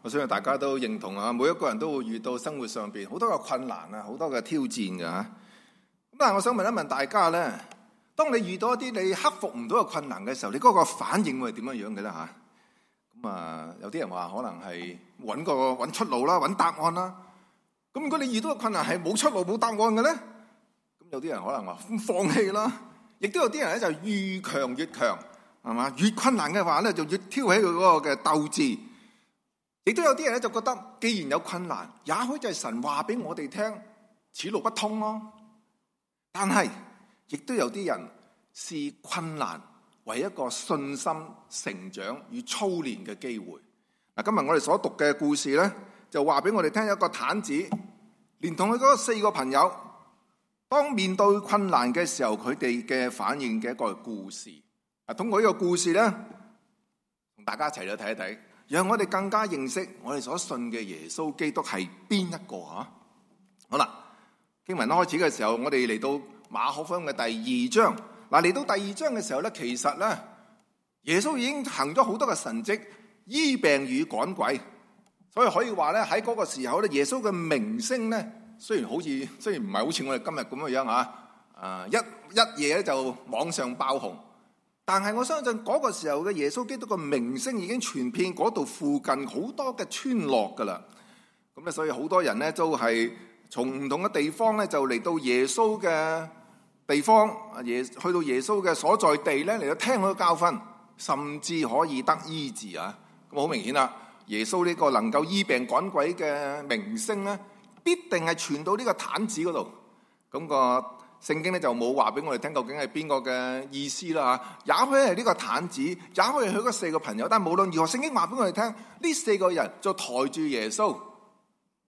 我相信大家都認同啊！每一個人都會遇到生活上邊好多嘅困難啊，好多嘅挑戰嘅吓。咁但係我想問一問大家咧，當你遇到一啲你克服唔到嘅困難嘅時候，你嗰個反應會係點樣樣嘅咧吓？咁啊，有啲人話可能係揾個揾出路啦，揾答案啦。咁如果你遇到嘅困難係冇出路，冇答案嘅咧，咁有啲人可能話唔放棄啦。亦都有啲人咧就越強越強，係嘛？越困難嘅話咧，就越挑起佢嗰個嘅鬥志。亦都有啲人咧就覺得，既然有困難，也許就係神話俾我哋聽此路不通咯啊。但係，亦都有啲人視困難為一個信心成長與操練嘅機會。嗱，今日我哋所讀嘅故事咧，就話俾我哋聽一個毯子，連同佢嗰四個朋友，當面對困難嘅時候，佢哋嘅反應嘅一個故事。啊，通過呢個故事咧，同大家一齊去睇一睇。讓我們更加認識我們所信的耶穌基督是哪一個啊？好啦，經文開始的時候，我們來到馬可福音嘅第二章，嗱嚟到第二章的時候呢，其實呢，耶穌已經行了好多的神跡，醫病與趕鬼，所以可以話呢，在那個時候呢，耶穌的名聲呢，雖然好像，雖然不是好像我們今天這樣，一一夜咧就網上爆紅。但係我相信嗰個時候嘅耶穌基督嘅名聲已經傳遍嗰度附近好多嘅村落噶啦，咁咧所以好多人咧都係從唔同嘅地方咧就嚟到耶穌嘅地方，阿耶去到耶穌嘅所在地咧嚟到聽佢嘅教訓，甚至可以得醫治啊！咁好明顯啦，耶穌呢個能夠醫病趕鬼嘅名聲咧，必定係傳到呢個毯子嗰度咁個。聖經咧就冇話俾我哋聽，究竟係邊個嘅意思啦？嚇，也許係呢個毯子，也許係佢嗰四個朋友。但無論如何，聖經話俾我哋聽，呢四個人就抬住耶穌，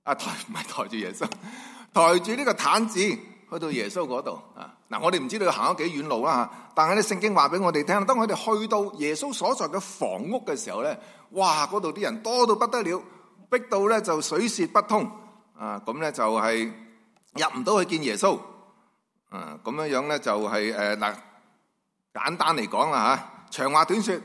啊抬唔係抬住耶穌，抬住呢個毯子去到耶穌嗰度啊。嗱，我哋唔知道佢行咗幾遠路啦嚇、啊，但係咧聖經話俾我哋聽，當我哋去到耶穌所在嘅房屋嘅時候咧，哇、啊！嗰度啲人多到不得了，逼到咧就水泄不通啊。咁咧就係入唔到去見耶穌。啊，咁樣樣咧就係誒嗱，簡單嚟講啦嚇，長話短説，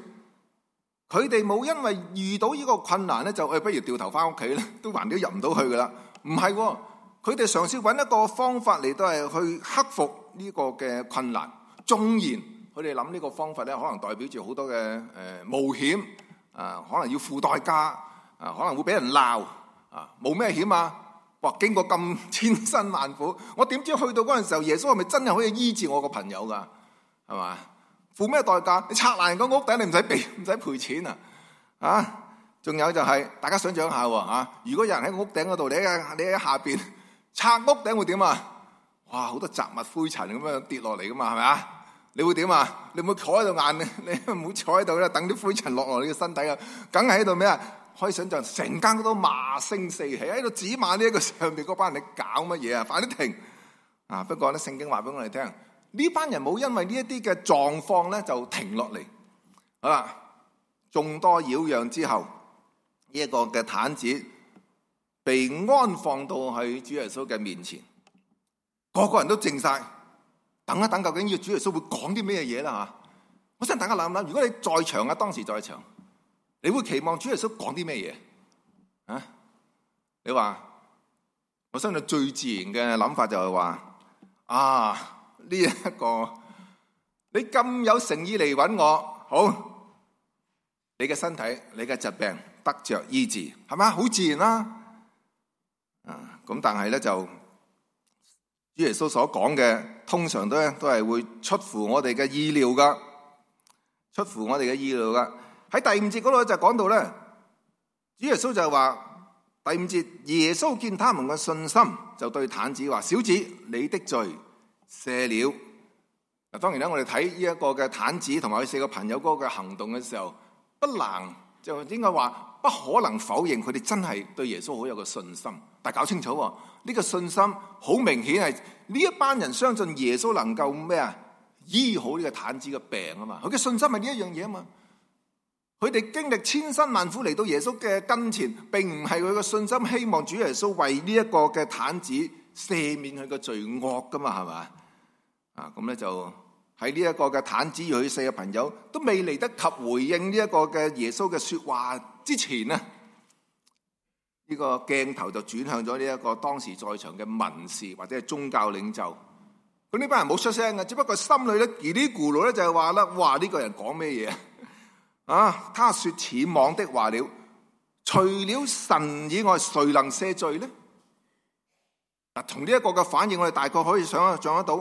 佢哋冇因為遇到呢個困難咧，就誒不如掉頭翻屋企咧，都還都入唔到去噶啦。唔係喎，佢哋嘗試揾一個方法嚟，都係去克服呢個嘅困難。縱然佢哋諗呢個方法咧，可能代表住好多嘅誒冒險，啊，可能要付代價，啊，可能會俾人鬧，啊，冇咩險啊。哇！經過咁千辛萬苦，我點知去到嗰陣時候，耶穌係咪真係可以醫治我個朋友噶？係嘛？付咩代價？你拆爛個屋頂，你唔使賠，唔使賠錢啊！啊！仲有就係、是、大家想象下，啊！如果有人喺個屋頂嗰度，你喺你喺下邊拆屋頂會點啊？哇！好多雜物灰塵咁樣跌落嚟噶嘛，係咪啊？你會點啊？你唔會坐喺度硬，你唔好坐喺度啦，等啲灰塵落落你嘅身體啊，梗係喺度咩啊？可以想象，成間都罵聲四起，喺度指罵呢一個上面嗰班人，你搞乜嘢啊？快啲停！啊，不過呢，聖經話俾我哋聽，呢班人冇因為呢一啲嘅狀況咧，就停落嚟。啊，眾多擾攘之後，呢、這、一個嘅毯子被安放到喺主耶穌嘅面前，個個人都靜晒，等一等，究竟要主耶穌會講啲咩嘢啦？吓，我先等我諗諗，如果你在場啊，當時在場。你會期望主耶穌講啲咩嘢？啊，你話我相信最自然嘅諗法就係話啊，呢一個你咁有誠意嚟揾，我好你嘅身體、你嘅疾病得着醫治，係嘛？好自然啦。啊。啊，咁但係咧，就主耶穌所講嘅，通常都咧都係會出乎我哋嘅意料噶出乎我哋嘅意料噶喺第五節嗰度就講到咧，主耶穌就話，第五節，耶穌見他們嘅信心，就對癱子話：小子，你的罪赦了。嗱，當然咧，我哋睇呢一個嘅癱子同埋佢四個朋友嗰個行動嘅時候，不能就應該話不可能否認佢哋真係對耶穌好有個信心。但係搞清楚呢，呢個信心好明顯係呢一班人相信耶穌能夠咩啊醫好呢個癱子嘅病啊嘛。佢嘅信心係呢一樣嘢啊嘛。佢哋經歷千辛萬苦嚟到耶穌嘅跟前，並唔係佢嘅信心，希望主耶穌為呢一個嘅癱子赦免佢嘅罪惡噶嘛？係咪？啊，咁咧就喺呢一個嘅癱子，佢四個朋友都未嚟得及回應呢一個嘅耶穌嘅說話之前啊，呢個鏡頭就轉向咗呢一個當時在場嘅文士或者係宗教領袖。咁呢班人冇出聲嘅，只不過心裏咧嘰哩咕嚕咧就係話啦：哇！呢個人講咩嘢？啊！他說僭妄的話了，除了神以外，誰能赦罪呢？同呢一個嘅反應，我哋大概可以想象得到，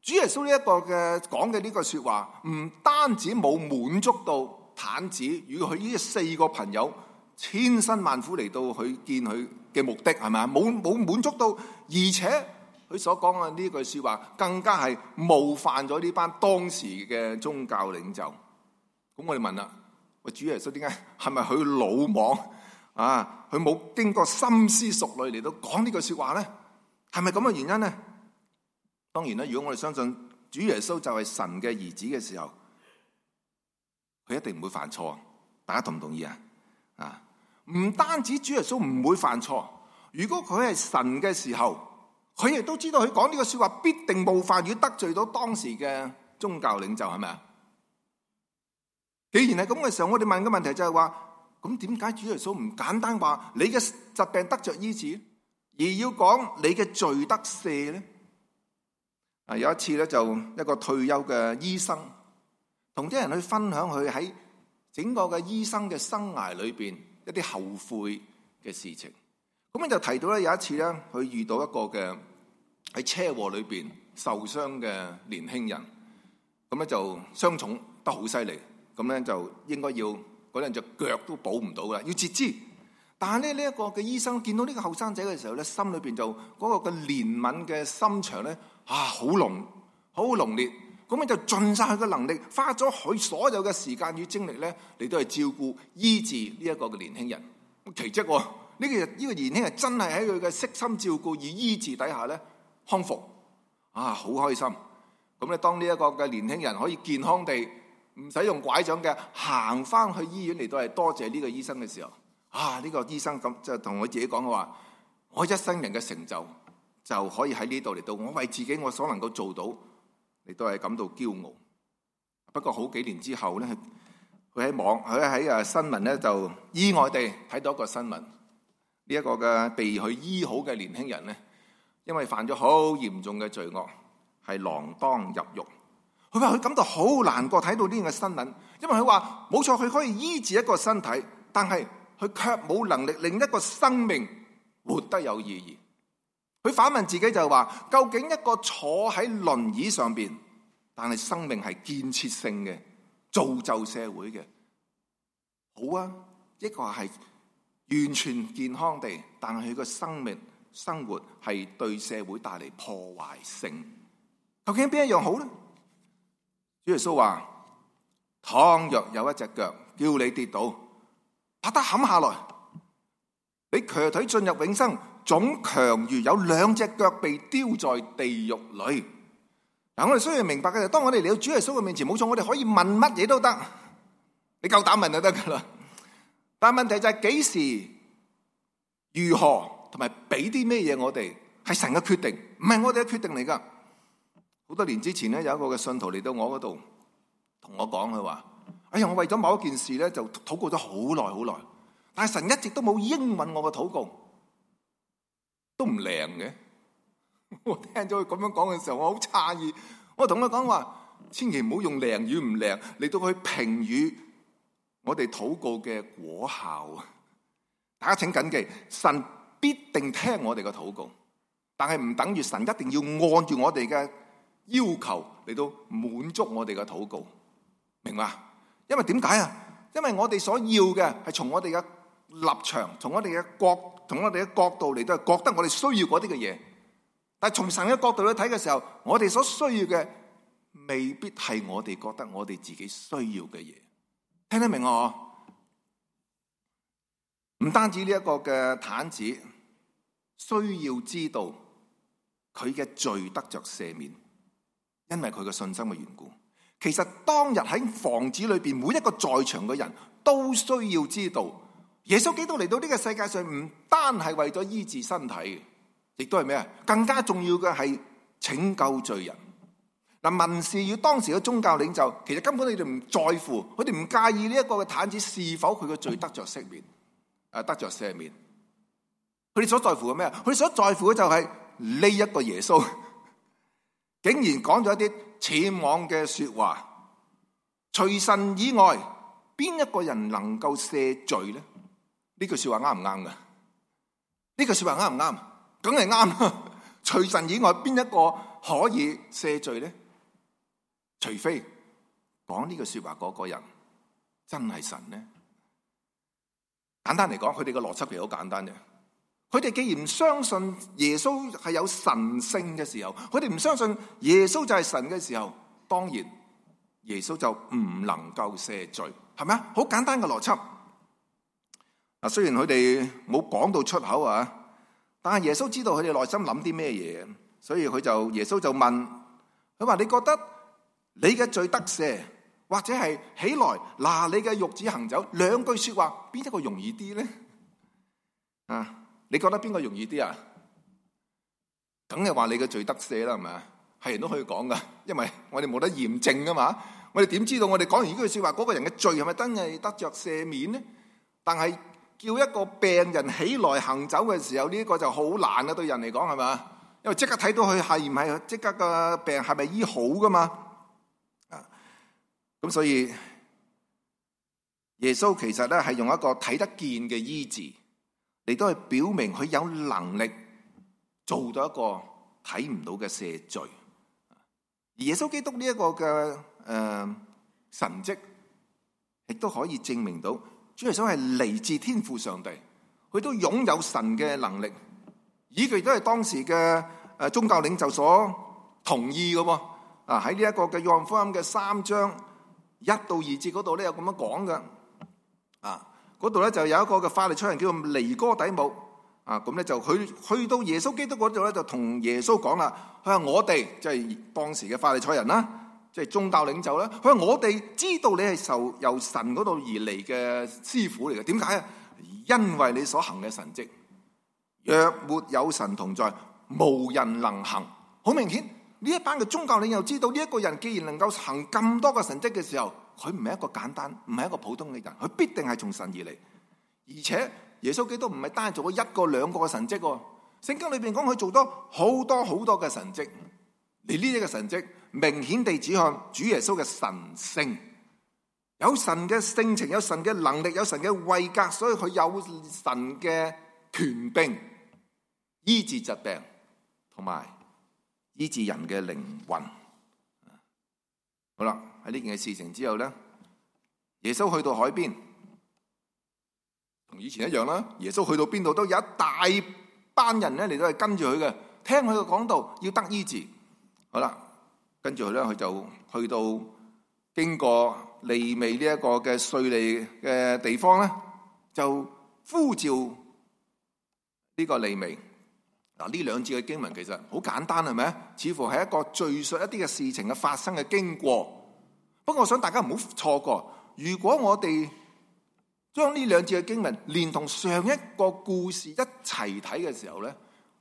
主耶穌呢一個嘅講嘅呢個說話，唔單止冇滿足到癱子，與佢呢四個朋友千辛萬苦嚟到去見佢嘅目的係咪啊？冇冇滿足到，而且佢所講嘅呢句說話，更加係冒犯咗呢班當時嘅宗教領袖。咁我哋問啦，喂，主耶穌點解，係咪佢魯莽啊？佢冇經過深思熟慮嚟到講呢句說話咧？係咪咁嘅原因咧？當然啦，如果我哋相信主耶穌就係神嘅兒子嘅時候，佢一定唔會犯錯。大家同唔同意啊？啊，唔單止主耶穌唔會犯錯，如果佢係神嘅時候，佢亦都知道佢講呢句說話必定冒犯，要得罪到當時嘅宗教領袖，係咪啊？既然係咁嘅時候，我哋問個問題就係話：咁點解主耶穌唔簡單話你嘅疾病得着醫治，而要講你嘅罪得赦咧？啊，有一次咧，就一個退休嘅醫生同啲人去分享，佢喺整個嘅醫生嘅生涯裏邊一啲後悔嘅事情。咁咧就提到咧有一次咧，佢遇到一個嘅喺車禍裏邊受傷嘅年輕人，咁咧就傷重得好犀利。咁咧就應該要嗰陣就腳都保唔到啦，要截肢。但係咧呢一個嘅醫生見到呢個後生仔嘅時候咧，心裏邊就嗰、嗰個嘅憐憫嘅心腸咧，啊好濃，好濃烈。咁你就盡晒佢嘅能力，花咗佢所有嘅時間與精力咧，你都係照顧、醫治呢一個嘅年輕人。奇蹟喎、啊！呢、呢個呢、呢個、年輕人真係喺佢嘅悉心照顧與醫治底下咧，康復。啊，好開心。咁咧，當呢一個嘅年輕人可以健康地，唔使用，用拐杖嘅行翻去醫院嚟，到係多謝呢個醫生嘅時候，啊呢、呢個醫生咁就同我自己講嘅話，我一生人嘅成就就可以喺呢度嚟到，我為自己我所能夠做到嚟都係感到驕傲。不過好幾年之後咧，佢喺網，佢喺啊新聞咧就意外地睇到一個新聞，呢、這、一個嘅被佢醫好嘅年輕人咧，因為犯咗好嚴重嘅罪惡，係鋃鐺入獄。佢話佢感到好難過，睇到呢樣嘅新聞，因為佢話冇錯，佢可以醫治一個身體，但係佢卻冇能力令一個生命活得有意義。佢反問自己就係話：究竟一個坐喺輪椅上面，但係生命係建設性嘅，造就社會嘅好啊？一個係完全健康地，但係佢個生命生活係對社會帶嚟破壞性。究竟邊一樣好呢？」主耶穌話：倘若有一隻腳叫你跌倒，把它砍下來，你瘸腿進入永生，總強如有兩隻腳被丟在地獄裏。嗱，我哋需要明白嘅就係，當我哋嚟到主耶穌嘅面前，冇錯，我哋可以問乜嘢都得，你夠膽問就得噶啦。但係問題就係、是、幾時、如何同埋俾啲咩嘢我哋，係神嘅決定，唔係我哋嘅決定嚟噶。好多年之前咧，有一個嘅信徒嚟到我嗰度，同我講佢話，哎呀，我為咗某一件事咧，就禱告咗好耐好耐，但係神一直都冇應允，我嘅禱告，都唔靈嘅。我聽咗佢咁樣講嘅時候，我好詫異。我同佢講話，千祈唔好用靈與唔靈嚟到去評語我哋禱告嘅果效。大家請謹記，神必定聽我哋嘅禱告，但係唔等於神一定要按住我哋嘅。要求嚟到滿足我哋嘅禱告，明嘛？因為點解啊？因為我哋所要嘅係從我哋嘅立場，從我哋嘅角，從我哋嘅角度嚟到係覺得我哋需要嗰啲嘅嘢。但係從神嘅角度去睇嘅時候，我哋所需要嘅未必係我哋覺得我哋自己需要嘅嘢。聽得明我？唔單止呢一個嘅癱子，需要知道佢嘅罪得着赦免，因為佢嘅信心嘅緣故，其實當日喺房子裏邊，每一個在場嘅人都需要知道，耶穌基督嚟到呢個世界上，唔單係為咗醫治身體嘅，亦都係咩啊？更加重要嘅係拯救罪人。嗱，文士與當時嘅宗教領袖，其實根本你哋唔在乎，佢哋唔介意呢一個嘅毯子是否佢嘅罪得着赦免，啊，得着赦免。佢哋所在乎嘅咩啊？佢哋所在乎嘅就係呢一個耶穌。竟然講咗一啲僭妄嘅說話，除神以外，邊一個人能夠赦罪呢？呢句說話啱唔啱㗎？呢句說話啱唔啱？梗係啱啦！除神以外，邊一個可以赦罪呢？除非講呢句說話嗰個人真係神呢？簡單嚟講，佢哋嘅邏輯其實好簡單嘅。佢哋既然唔相信耶穌係有神性嘅時候，佢哋唔相信耶穌就係神嘅時候，當然耶穌就唔能夠赦罪，係咪啊？好簡單嘅邏輯。嗱，雖然佢哋冇講到出口啊，但係耶穌知道佢哋內心諗啲咩嘢，所以佢就耶穌就問佢話：你覺得你嘅罪得赦，或者係起來攞你嘅褥子行走兩句說話，邊一個容易啲呢？啊！你覺得邊個容易啲啊？梗係話你嘅罪得赦啦，係咪啊？係人都可以講噶，因為我哋冇得驗證噶嘛。我哋點知道我哋講完呢句說話，嗰、那個人嘅罪係咪真係得着赦免呢？但係叫一個病人起來行走嘅時候，呢、這、一個就好難嘅對人嚟講，係咪啊？因為即刻睇到佢係唔係，即刻個病係咪醫好噶嘛？啊，咁所以耶穌其實咧係用一個睇得見嘅醫治。你都係表明佢有能力做到一個睇唔到嘅赦罪，而耶穌基督呢一個嘅誒神蹟，亦都可以證明到主耶穌係嚟自天父上帝，佢都擁有神嘅能力，以及亦都係當時嘅誒宗教領袖所同意嘅喎。啊，喺呢一個嘅約翰福音嘅三章一到二節嗰度咧有咁樣講嘅，啊。嗰度咧就有一個嘅法利賽人叫做尼哥底母，啊，咁咧就去去到耶穌基督嗰度咧就同耶穌講啦，佢話我哋即係當時嘅法利賽人啦，即係宗教領袖啦，佢話我哋知道你係受由神嗰度而嚟嘅師傅嚟嘅，點解啊？因為你所行嘅神蹟，若沒有神同在，無人能行。好明顯呢一班嘅宗教領袖知道呢一個人既然能夠行咁多嘅神蹟嘅時候。佢唔係一個簡單，唔係一個普通嘅人，佢必定係從神而嚟。而且耶穌基督唔係單係做一個兩個嘅神蹟，聖經裏邊講佢做咗好多好多嘅神蹟。而呢一個神蹟，明顯地指向主耶穌嘅神性，有神嘅性情，有神嘅能力，有神嘅位格，所以佢有神嘅權柄，醫治疾病，同埋醫治人嘅靈魂。好啦，喺呢件事情之後咧，耶穌去到海邊，同以前一樣啦。耶穌去到邊度都有一大班人咧嚟到係跟住佢嘅，聽佢嘅講道，要得醫治。好啦，跟住佢咧，佢就去到經過利未呢一個嘅稅吏嘅地方咧，就呼召呢個利未。嗱，呢兩節嘅經文其實好簡單，係咪？似乎係一個敍述一啲嘅事情嘅發生嘅經過。不過我想大家唔好錯過，如果我哋將呢兩節嘅經文連同上一個故事一齊睇嘅時候咧，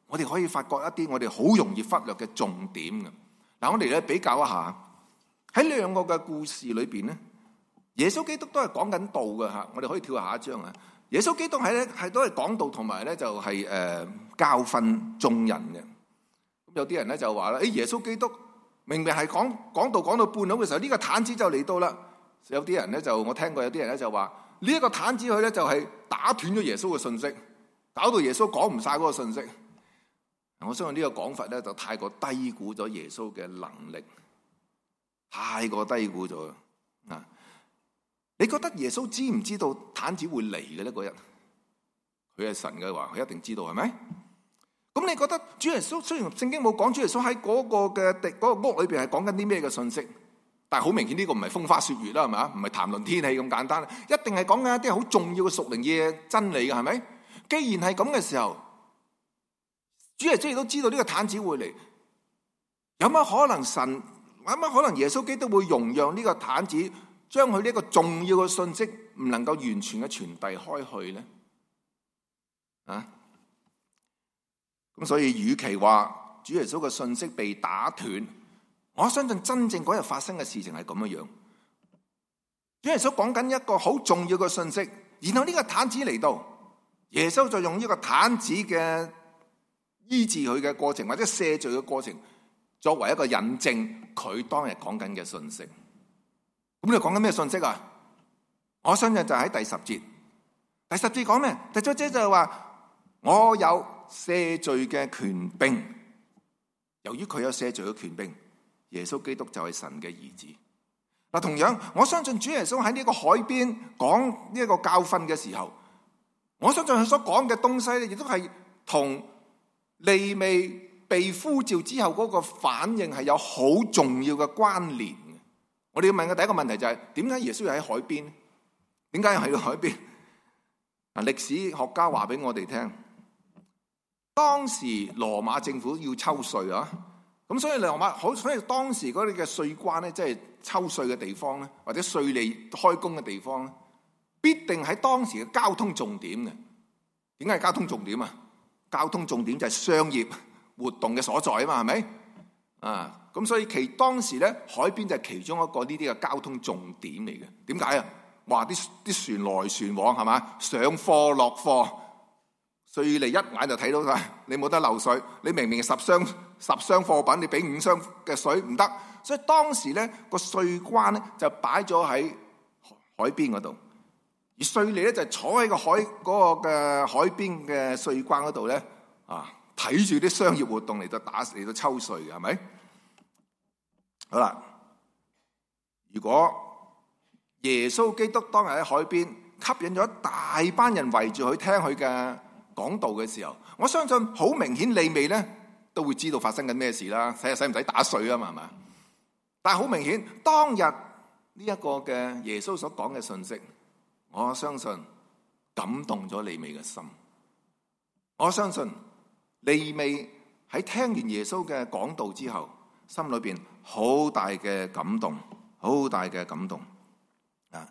我哋可以發覺一啲我哋好容易忽略嘅重點嘅。嗱，我哋咧比較一下喺兩個嘅故事裏邊咧，耶穌基督都係講緊道嘅吓。我哋可以跳下一章啊。耶穌基督係咧，係都係講道同埋咧就係、是、誒、呃、教訓眾人嘅。咁有啲人咧就話啦，誒、哎、耶穌基督明明係講講道講到半路嘅時候，呢、這個毯子就嚟到啦。有啲人咧就我聽過有啲人咧就話呢一個毯子佢咧就係打斷咗耶穌嘅信息，搞到耶穌講唔晒嗰個信息。我相信呢個講法咧就太過低估咗耶穌嘅能力，太過低估咗啊。你覺得耶穌知唔知道毯子會嚟嘅咧？嗰日佢係神嘅話，佢一定知道係咪？咁你覺得主耶穌雖然聖經冇講主耶穌喺嗰個嘅地嗰個屋裏邊係講緊啲咩嘅信息？但係好明顯呢個唔係風花雪月啦，係咪啊？唔係談論天氣咁簡單，一定係講緊一啲好重要嘅屬靈嘢真理嘅，係咪？既然係咁嘅時候，主耶穌亦都知道呢個毯子會嚟，有乜可能神有乜可能耶穌基督會容讓呢個毯子？將佢呢個重要嘅信息唔能夠完全嘅傳遞開去咧，啊！咁所以，與其話主耶穌嘅信息被打斷，我相信真正嗰日發生嘅事情係咁樣樣。主耶穌講緊一個好重要嘅信息，然後呢個癱子嚟到，耶穌就用呢個癱子嘅醫治佢嘅過程或者赦罪嘅過程，作為一個引證，佢當日講緊嘅信息。咁你講緊咩信息啊？我相信就喺第十節，第十節講咩？第十節就係話我有赦罪嘅權柄。由於佢有赦罪嘅權柄，耶穌基督就係神嘅兒子。嗱，同樣我相信主耶穌喺呢個海邊講呢一個教訓嘅時候，我相信佢所講嘅東西咧，亦都係同利未被呼召之後嗰個反應係有好重要嘅關聯。我哋要問嘅第一個問題就係，點解耶穌要喺海邊呢？點解要喺個海邊？啊，歷史學家話俾我哋聽，當時羅馬政府要抽稅啊，咁所以羅馬好，所以當時嗰啲嘅稅關咧，即係抽稅嘅地方咧，或者稅利開工嘅地方咧，必定喺當時嘅交通重點嘅。點解係交通重點啊？交通重點就係商業活動嘅所在啊嘛，係咪？.啊，咁所以其當時咧，海邊就係其中一個呢啲嘅交通重點嚟嘅。點解啊？話啲啲船來船往係嘛，上貨落貨，稅吏一眼就睇到曬。你冇得漏稅，你明明十箱十箱貨品，你俾五箱嘅水唔得。所以當時咧個稅關咧就擺咗喺海邊嗰度，而稅吏咧就坐喺個海嗰個嘅海邊嘅稅關嗰度咧，啊睇住啲商業活動嚟到打嚟到抽稅嘅係咪？好啦，如果耶穌基督當日喺海邊吸引咗一大班人圍住佢聽佢嘅講道嘅時候，我相信好明顯利未咧都會知道發生緊咩事啦。睇下使唔使打水啊嘛，係嘛？但係好明顯當日呢一個嘅耶穌所講嘅信息，我相信感動咗利未嘅心。我相信利未喺聽完耶穌嘅講道之後，心裏邊好大嘅感動，好大嘅感動啊！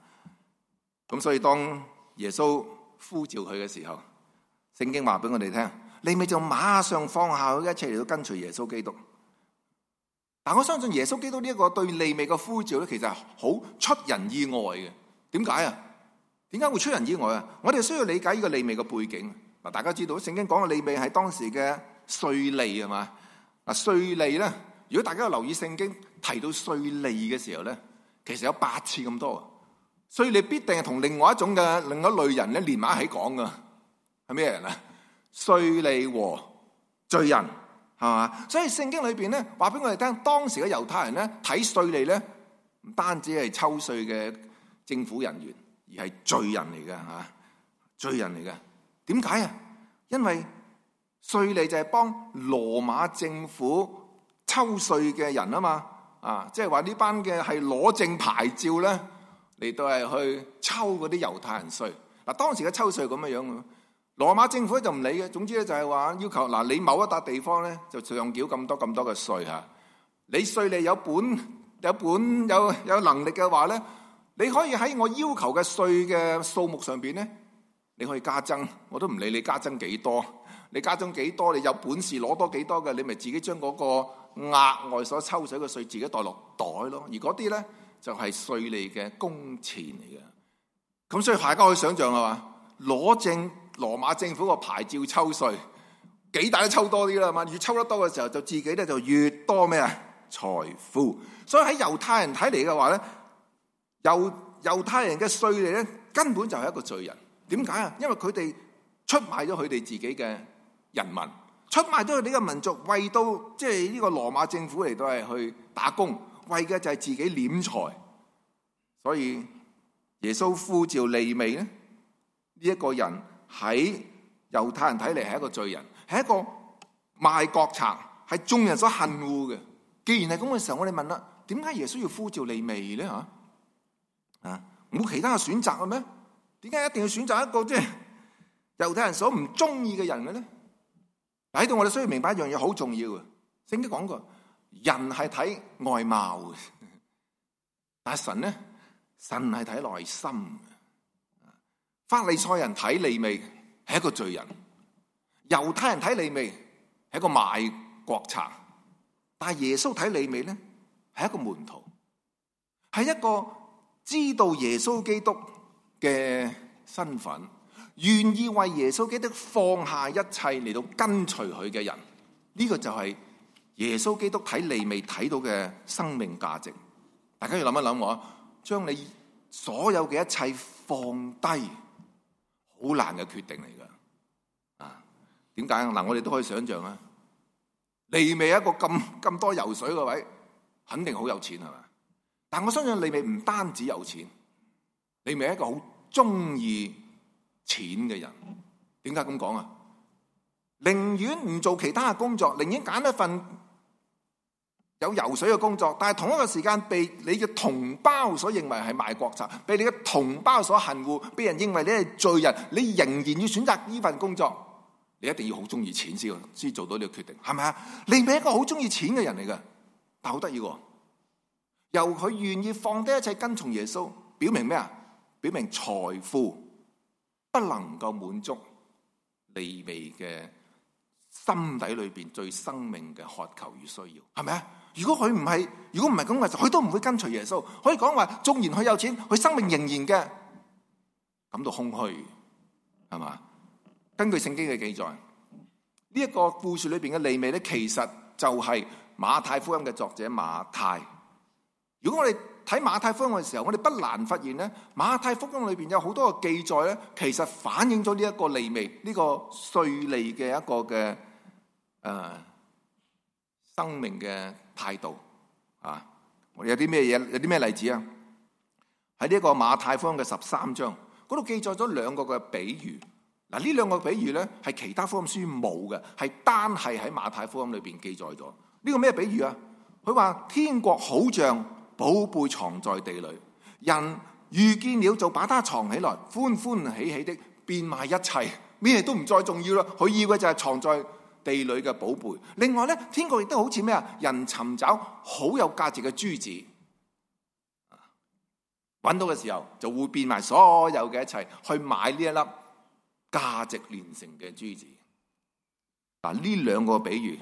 咁所以當耶穌呼召佢嘅時候，聖經話俾我哋聽，利未就馬上放下佢一切嚟到跟隨耶穌基督。但係我相信耶穌基督呢一個對利未嘅呼召咧，其實係好出人意外嘅。點解啊？點解會出人意外啊？我哋需要理解呢個利未嘅背景。嗱，大家知道聖經講嘅利未係當時嘅稅吏係嘛？嗱，稅吏咧。如果大家有留意聖經提到稅吏嘅時候咧，其實有八次咁多，稅吏必定係同另外一種嘅另一類人咧連埋一齊講噶，係咩人啊？稅吏和罪人，係嘛？所以聖經裏邊咧話俾我哋聽，當時嘅猶太人咧睇稅吏咧，唔單止係抽稅嘅政府人員，而係罪人嚟嘅嚇，罪人嚟嘅。點解啊？因為稅吏就係幫羅馬政府。抽稅嘅人啊嘛，啊，即係話呢班嘅係攞證牌照咧嚟到係去抽嗰啲猶太人稅。嗱、啊，當時嘅抽稅咁樣樣，羅馬政府就唔理嘅。總之咧就係話要求嗱、啊，你某一笪地方咧就上繳咁多咁多嘅稅吓、啊。你稅你有本有本有有能力嘅話咧，你可以喺我要求嘅稅嘅數目上邊咧，你可以加增。我都唔理你加增幾多，你加增幾多，你有本事攞多幾多嘅，你咪自己將嗰個。額外所抽水嘅稅自己代落袋咯，而嗰啲咧就係稅利嘅工錢嚟嘅。咁所以大家可以想象係嘛？攞正羅馬政府個牌照抽稅，幾大都抽多啲啦嘛，越抽得多嘅時候，就自己咧就越多咩啊？財富。所以喺猶太人睇嚟嘅話咧，猶猶太人嘅稅利咧根本就係一個罪人。點解啊？因為佢哋出賣咗佢哋自己嘅人民。出賣咗佢哋嘅民族，為到即係呢個羅馬政府嚟到係去打工，為嘅就係自己斂財。所以耶穌呼召利未咧，呢、這、一個人喺猶太人睇嚟係一個罪人，係一個賣國賊，係眾人所恨惡嘅。既然係咁嘅時候，我哋問啦，點解耶穌要呼召利未咧？吓啊，冇其他嘅選擇嘅咩？點解一定要選擇一個即係猶太人所唔中意嘅人嘅咧？睇到我哋需要明白一樣嘢好重要啊！聖經講過，人係睇外貌嘅，但係神咧，神係睇內心嘅。法利賽人睇利未係一個罪人，猶太人睇利未係一個賣國賊，但係耶穌睇利未咧係一個門徒，係一個知道耶穌基督嘅身份。願意為耶穌基督放下一切嚟到跟隨佢嘅人，呢個就係耶穌基督睇利未睇到嘅生命價值。大家要諗一諗，我將你所有嘅一切放低，好難嘅決定嚟噶。啊，點解？嗱，我哋都可以想象啊。利未一個咁咁多游水嘅位，肯定好有錢係嘛。但我相信利未唔單止有錢，利未係一個好中意。錢嘅人，點解咁講啊？寧願唔做其他嘅工作，寧願揀一份有油水嘅工作，但係同一個時間被你嘅同胞所認為係賣國賊，被你嘅同胞所恨惡，被人認為你係罪人，你仍然要選擇呢份工作，你一定要好中意錢先，先做到呢個決定，係咪啊？你唔係一個好中意錢嘅人嚟㗎，但好得意喎。由佢願意放低一切跟從耶穌，表明咩啊？表明財富。不能夠滿足利未嘅心底裏邊最生命嘅渴求與需要，係咪啊？如果佢唔係，如果唔係咁嘅時候，佢都唔會跟隨耶穌。可以講話，縱然佢有錢，佢生命仍然嘅感到空虛，係嘛？根據聖經嘅記載，呢一個故事裏邊嘅利未咧，其實就係馬太福音嘅作者馬太，如果我哋……睇馬太福音嘅時候，我哋不難發現咧。馬太福音裏邊有好多個記載咧，其實反映咗呢一個利未呢個稅吏嘅一個嘅誒生命嘅態度啊。我有啲咩嘢？有啲咩例子啊？喺呢個馬太福音嘅十三章嗰度記載咗兩個嘅比喻嗱。呢兩個比喻咧係其他福音書冇嘅，係單係喺馬太福音裏邊記載咗呢個咩比喻啊？佢話天國好像，寶貝藏在地裏，人遇見了就把它藏起來，歡歡喜喜的變賣一切，咩都唔再重要啦。佢要嘅就係藏在地裏嘅寶貝。另外咧，天國亦都好似咩啊？人尋找好有價值嘅珠子，揾到嘅時候就會變賣所有嘅一切去買呢一粒價值連城嘅珠子。嗱，呢兩個比喻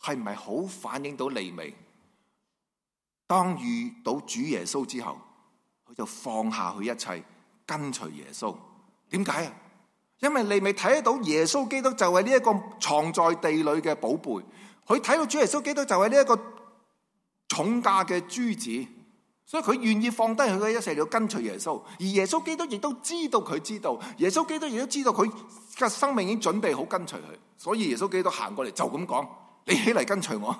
係唔係好反映到利味？當遇到主耶穌之後，佢就放下佢一切跟隨耶穌。點解啊？因為你未睇得到耶穌基督就係呢一個藏在地裏嘅寶貝。佢睇到主耶穌基督就係呢一個重價嘅珠子，所以佢願意放低佢嘅一切嚟跟隨耶穌。而耶穌基督亦都知道佢知道，耶穌基督亦都知道佢嘅生命已經準備好跟隨佢。所以耶穌基督行過嚟就咁講：你起嚟跟隨我。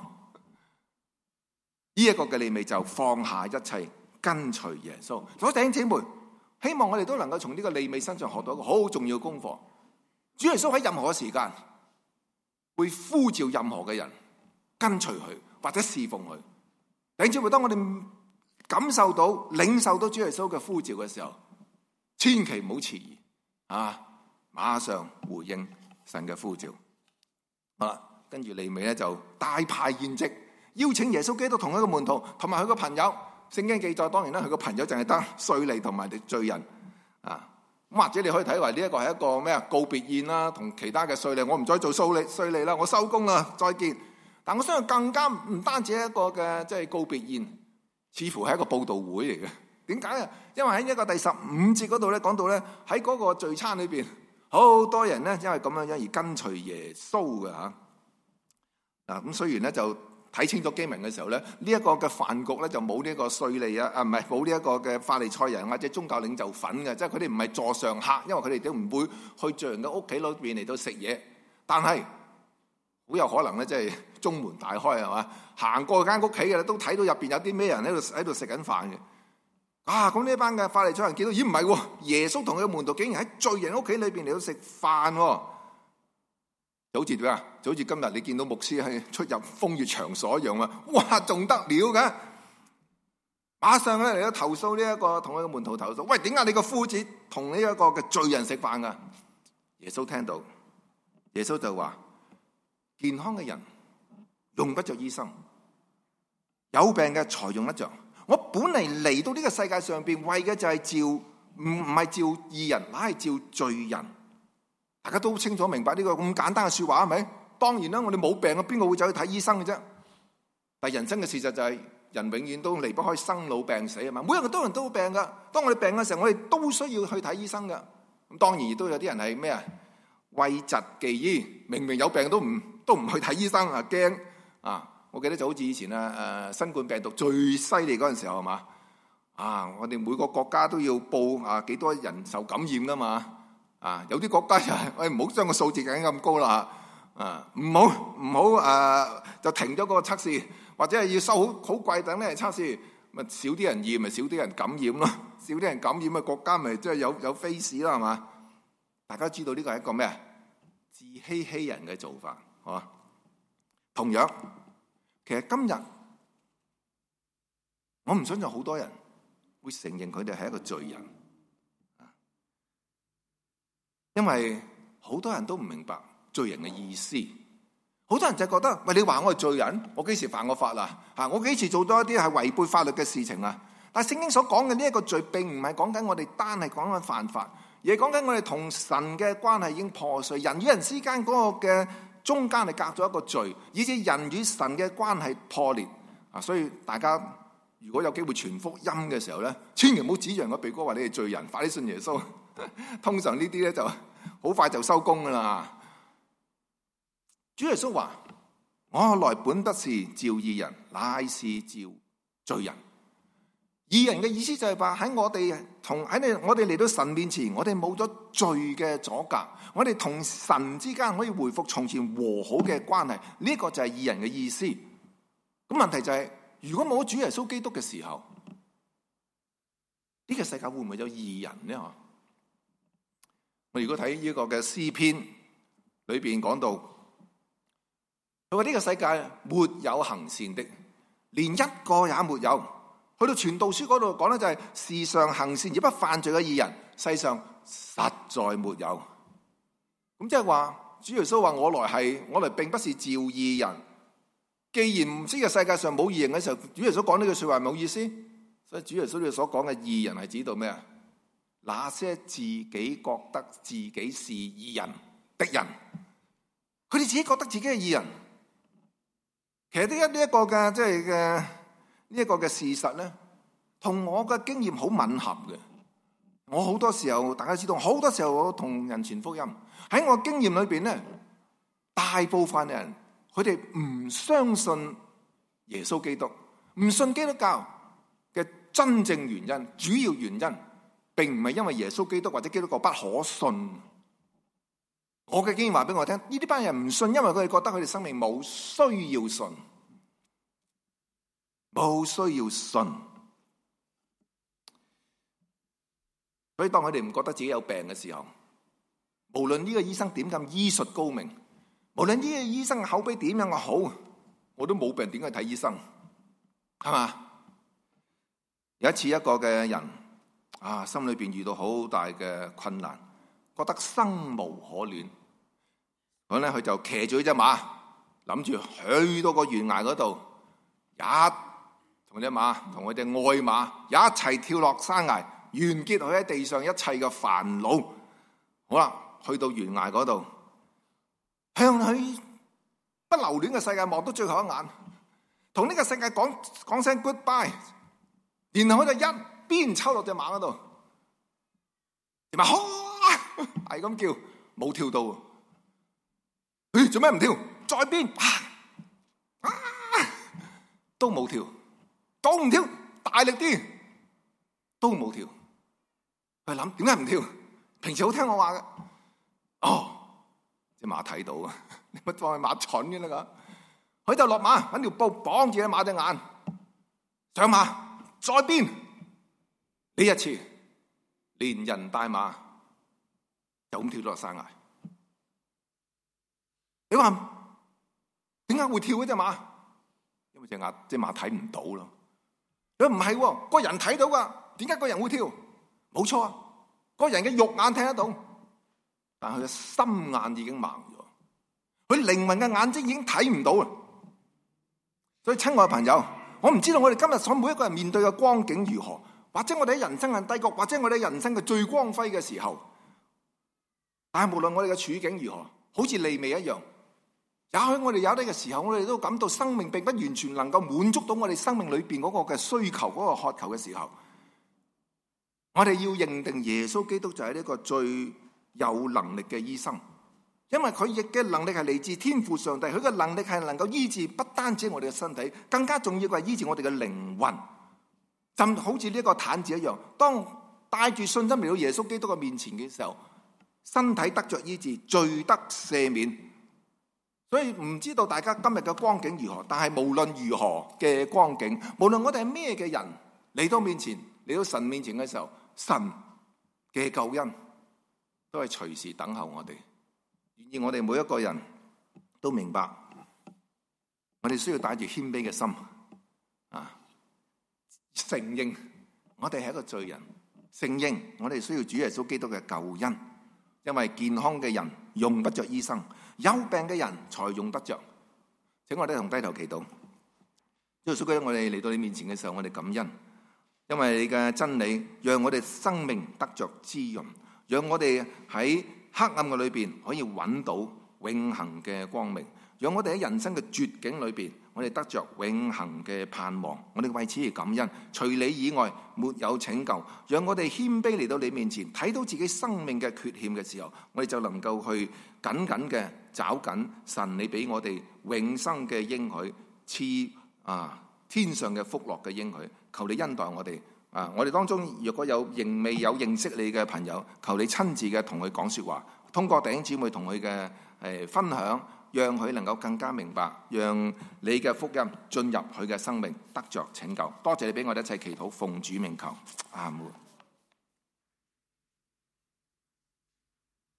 呢、這、一個嘅利未就放下一切跟隨耶穌，所以弟兄姊妹，希望我哋都能夠從呢個利未身上學到一個好重要功課。主耶穌喺任何時間會呼召任何嘅人跟隨佢或者侍奉佢。弟兄姊妹，當我哋感受到、領受到主耶穌嘅呼召嘅時候，千祈唔好遲疑啊，馬上回應神嘅呼召。好啦，跟住利未咧就大派筵席。邀請耶穌基督同一個門徒，同埋佢個朋友。聖經記載，當然啦，佢個朋友淨係得稅吏同埋啲罪人啊。或者你可以睇為呢一個係一個咩啊告別宴啦，同其他嘅稅吏。我唔再做稅吏稅吏啦，我收工啦，再見。但我相信更加唔單止係一個嘅即係告別宴，似乎係一個佈道會嚟嘅。點解啊？因為喺一個第十五節嗰度咧，講到咧喺嗰個聚餐裏邊，好多人咧因為咁樣樣而跟隨耶穌嘅吓。啊咁，雖然咧就。睇清楚基民嘅時候咧，呢一個嘅飯局咧就冇呢一個稅吏啊，啊唔係冇呢一個嘅法利賽人或者宗教領袖粉嘅，即係佢哋唔係座上客，因為佢哋都唔會去罪人嘅屋企裏邊嚟到食嘢。但係好有可能咧，即係中門大開係嘛，行過間屋企嘅都睇到入邊有啲咩人喺度喺度食緊飯嘅。啊，咁呢一班嘅法利賽人見到，咦唔係，耶穌同佢門徒竟然喺罪人屋企裏邊嚟到食飯喎！就好似咩啊？就似今日你見到牧師係出入風月場所一樣啊！哇，仲得了噶？馬上咧嚟到投訴呢、這個、一個同佢個門徒投訴，喂，點解你的夫這個夫子同呢一個嘅罪人食飯啊？」耶穌聽到，耶穌就話：健康嘅人用不着醫生，有病嘅才用得着。我本嚟嚟到呢個世界上邊為嘅就係照，唔唔係召義人，乃係照罪人。大家都清楚明白呢個咁簡單嘅說話係咪？當然啦,我哋冇病嘅邊個會走去睇醫生嘅啫？但係人生嘅事實就係、是，人永遠都離不開生老病死啊嘛。每個多人都病噶，當我哋病嘅時候，我哋都需要去睇醫生噶。咁當然亦都有啲人係咩啊？諱疾忌醫，明明有病都唔都唔去睇醫生啊，驚啊！我記得就好似以前啊，誒、呃，新冠病毒最犀利嗰陣時候係嘛？啊，我哋每個國家都要報啊，幾多人受感染噶嘛？啊！有啲國、哎啊啊、國家就又，喂，唔好將個數字整咁高啦，啊，唔好唔好，誒，就停咗嗰個測試，或者係要收好好貴等呢嚟測試，咪少啲人驗咪少啲人感染咯，少啲人感染嘅國家咪即係有有 face 啦，係嘛？大家知道呢個係一個咩啊？自欺欺人嘅做法，係、啊、嘛？同樣，其實今日我唔想有好多人會承認佢哋係一個罪人。因為好多人都唔明白罪人嘅意思，好多人就覺得，喂，你話我係罪人，我幾時犯我法啦？吓，我幾時做咗一啲係違背法律嘅事情啦？但係聖經所講嘅呢一個罪，並唔係講緊我哋單係講緊犯法，而係講緊我哋同神嘅關係已經破碎，人與人之間嗰個嘅中間係隔咗一個罪，以致人與神嘅關係破裂。啊，所以大家如果有機會傳福音嘅時候咧，千祈唔好指住人個鼻哥話你係罪人，快啲信耶穌。通常呢啲咧就。好快就收工啦！主耶穌話：我來本得是召義人，乃是召罪人。義人嘅意思就係話喺我哋同喺我哋嚟到神面前，我哋冇咗罪嘅阻隔，我哋同神之間可以回復從前和好嘅關係。呢、這個就係義人嘅意思。咁問題就係、是，如果冇主耶穌基督嘅時候，呢、這個世界會唔會有義人呢？我如果睇呢個嘅詩篇裏邊講到，佢話呢個世界沒有行善的，連一個也沒有。去到傳道書嗰度講咧就係事上行善而不犯罪嘅義人，世上實在沒有。咁即係話，主耶穌話我來係，我嚟並不是召義人。既然唔知嘅世界上冇義人嘅時候，主耶穌講呢句說話冇意思。所以主耶穌所講嘅義人係指到咩啊？那些自己覺得自己是義人的人，佢哋自己覺得自己係義人。其實呢一呢一個嘅即係嘅呢一個嘅、這個、事實咧，同我嘅經驗好吻合嘅。我好多時候，大家知道好多時候我同人傳福音喺我經驗裏邊咧，大部分嘅人佢哋唔相信耶穌基督，唔信基督教嘅真正原因，主要原因。並唔係因為耶穌基督或者基督教不可信，我嘅經驗話俾我聽，呢啲班人唔信，因為佢哋覺得佢哋生命冇需要信，冇需要信。所以當佢哋唔覺得自己有病嘅時候，無論呢個醫生點咁醫術高明，無論呢個醫生嘅口碑點樣，我好，我都冇病點去睇醫生？係嘛？有一次一個嘅人。啊！心裏邊遇到好大嘅困難，覺得生無可戀。咁咧，佢就騎住隻馬，諗住去到個懸崖度，一同隻馬，同佢隻愛馬，一齊跳落山崖，完結佢喺地上一切嘅煩惱。好啦，去到懸崖度，向佢不留戀嘅世界望到最後一眼，同呢個世界講講聲 goodbye，然後佢就一。鞭抽落隻馬嗰度，隻馬係咁叫，冇跳到。誒、欸，做咩唔跳？再鞭，啊啊，都冇跳，都唔跳，大力啲，都冇跳。佢諗點解唔跳？平時好聽我話嘅，哦，隻馬睇到啊，你乜放係馬蠢嘅啦？佢就落馬搵條布綁住隻馬隻眼，上馬再鞭。呢一次連人帶馬就咁跳咗落山崖，你話點解會跳嗰隻馬？因為隻馬，隻馬睇唔到咯。如果唔係，個人睇到噶，點解個人會跳？冇錯，個人嘅肉眼睇得到，但佢嘅心眼已經盲咗，佢靈魂嘅眼睛已經睇唔到了。所以親愛嘅朋友，我唔知道我哋今日所每一個人面對嘅光景如何。或者我哋喺人生嘅低谷，或者我哋人生嘅最光輝嘅時候，但係無論我哋嘅處境如何，好似利未一樣，也許我哋有呢個時候，我哋都感到生命並不完全能夠滿足到我哋生命裏邊嗰個嘅需求、嗰個渴求嘅時候，我哋要認定耶穌基督就係呢個最有能力嘅醫生，因為佢亦嘅能力係嚟自天父上帝，佢嘅能力係能夠醫治不單止我哋嘅身體，更加重要嘅係醫治我哋嘅靈魂。就好似呢個毯子一樣，當帶住信心嚟到耶穌基督嘅面前嘅時候，身體得着醫治，罪得赦免。所以唔知道大家今日嘅光景如何，但係無論如何嘅光景，無論我哋係咩嘅人嚟到面前，嚟到神面前嘅時候，神嘅救恩都係隨時等候我哋。願意我哋每一個人都明白，我哋需要帶住謙卑嘅心。承認我哋係一個罪人，承認我哋需要主耶穌基督嘅救恩。因為健康嘅人用不着醫生，有病嘅人才用得着。請我哋同低頭祈禱。耶穌基督，我哋嚟到你面前嘅時候，我哋感恩，因為你嘅真理讓我哋生命得着滋潤，讓我哋喺黑暗嘅裏邊可以揾到永恆嘅光明。讓我哋喺人生嘅絕境裏邊，我哋得着永恒嘅盼望，我哋為此而感恩。除你以外，沒有拯救。讓我哋謙卑嚟到你面前，睇到自己生命嘅缺陷嘅時候，我哋就能夠去緊緊嘅找緊神，你俾我哋永生嘅應許，賜啊天上嘅福樂嘅應許。求你恩待我哋啊！我哋當中若果有仍未有認識你嘅朋友，求你親自嘅同佢講說話，通過弟兄姊妹同佢嘅誒分享。讓佢能夠更加明白，讓你嘅福音進入佢嘅生命，得着拯救。多謝你俾我哋一齊祈禱，奉主名求，阿門。